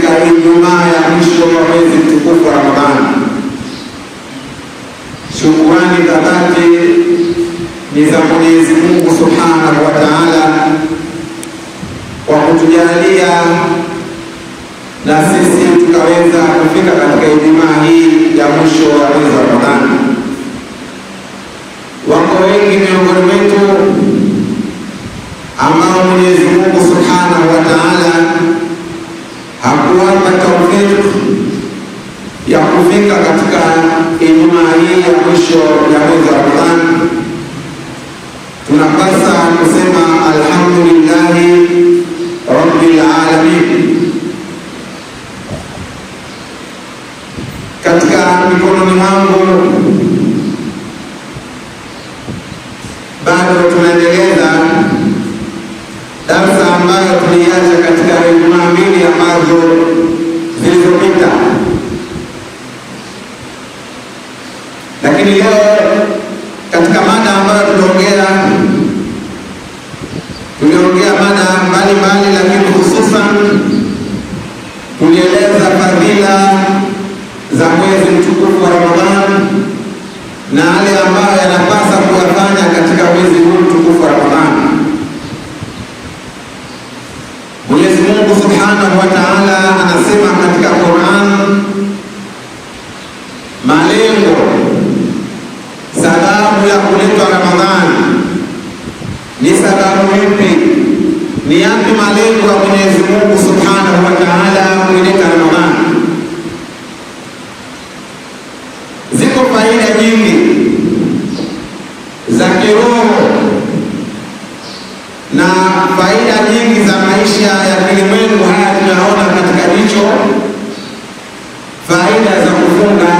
katika Ijumaa ya mwisho wa mwezi mtukufu wa Ramadhani. Shukrani za dhati ni za Mwenyezi Mungu Subhanahu wa Ta'ala kwa kutujalia na sisi tukaweza kufika katika Ijumaa hii ya mwisho wa mwezi wa Ramadhani. Wako wengi miongoni mwetu ambao Mwenyezi Mungu Subhanahu wa Ta'ala hakuwapa taufiki ya kufika katika Ijumaa hii ya mwisho ya mwezi wa Ramadhani, tunapasa kusema alhamdulillahi rabbil alamin. Katika mikononi mwangu bado tunaendeleza darsa ambayo tuliacha katika Ijumaa mbili zilizopita, lakini leo katika mada ambayo tutaongea, tuliongea mada mbalimbali, lakini hususan tulieleza fadhila za mwezi mtukufu wa Ramadhani na yale ambayo yanapasa kuyafanya katika mwezi huu. lengo, sababu ya kuletwa Ramadhani ni sababu ipi? Ni yapi malengo ya Mwenyezi Mungu Subhanahu wa Ta'ala kuileta Ramadhani? Ziko faida nyingi za kiroho na faida nyingi za maisha ya kilimwengu. Haya tunaona katika jicho faida za kufunga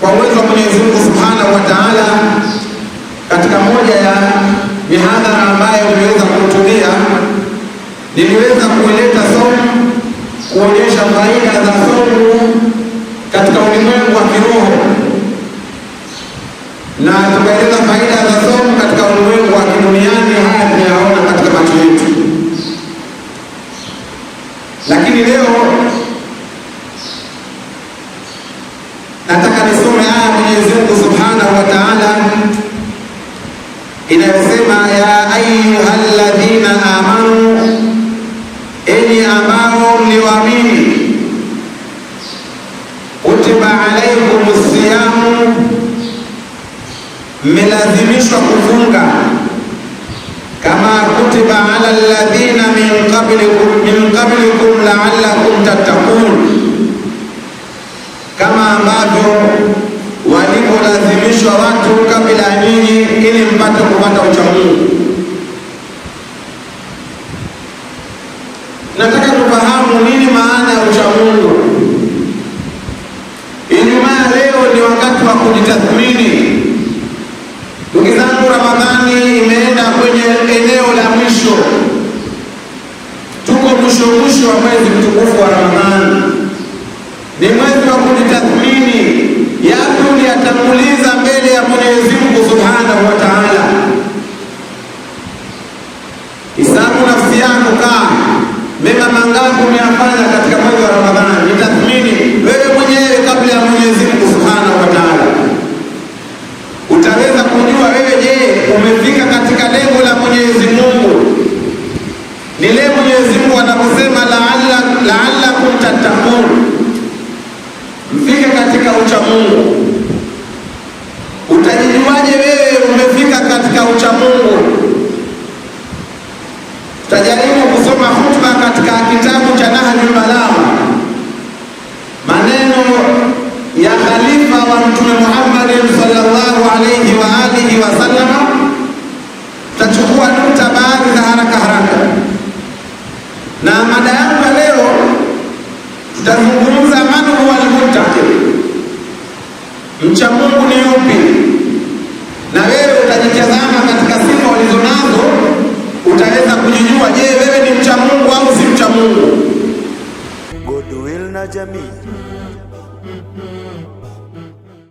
kwa uwezo wa Mwenyezi Mungu Subhanahu wa Ta'ala, katika moja ya mihadhara ambayo niliweza kuhudhuria, niliweza kueleta somo, kuonyesha faida za somo katika ulimwengu wa kiroho na tukaeleza faida za somo katika Mwenyezi Mungu Subhanahu wa Ta'ala inayosema ya ayyuhalladhina amanu, enyi ambao mliwaamini, kutiba alaikumus siyamu, mmelazimishwa kufunga kama kutiba ala alladhina min qablikum min qablikum la'allakum tattaqun, kama ambavyo kuwapitishwa watu kabla ya nyinyi ili mpate kupata ucha Nataka tufahamu nini maana ya uchamungu Ijumaa leo ni wakati wa kujitathmini. Ndugu zangu, Ramadhani imeenda kwenye eneo la mwisho, tuko mwisho mwisho wa mwezi mtukufu wa Ramadhani ni mwezi wa kujitathmini yapi uliyatanguliza mbele ya Mwenyezi Mungu Subhanahu wa Ta'ala. Isabu nafsi yako kaa mema mangapi umeyafanya katika mwezi wa Ramadhani, nitathmini wewe mwenyewe kabla ya Mwenyezi Mungu Subhanahu wa Ta'ala. Utaweza kujua wewe, je, umefika katika lengo la Mwenyezi Mungu? Ni leo Mwenyezi Mungu anaposema la'allakum tattaqun mfike katika uchamungu. Utajijuaje wewe umefika katika uchamungu? Tutajaribu kusoma hutuba katika kitabu cha Nahjul Balagha, maneno ya khalifa wa Mtume Muhammad sallallahu alayhi wa alihi wasallam. Tutachukua nukta baadhi za haraka haraka, na mada yangu leo tutazungumza muttaqin, mcha Mungu ni yupi? Na wewe utajitazama katika sifa ulizonazo, utaweza kujijua, je, wewe ni mcha Mungu au si mcha Mungu? godwill na jamii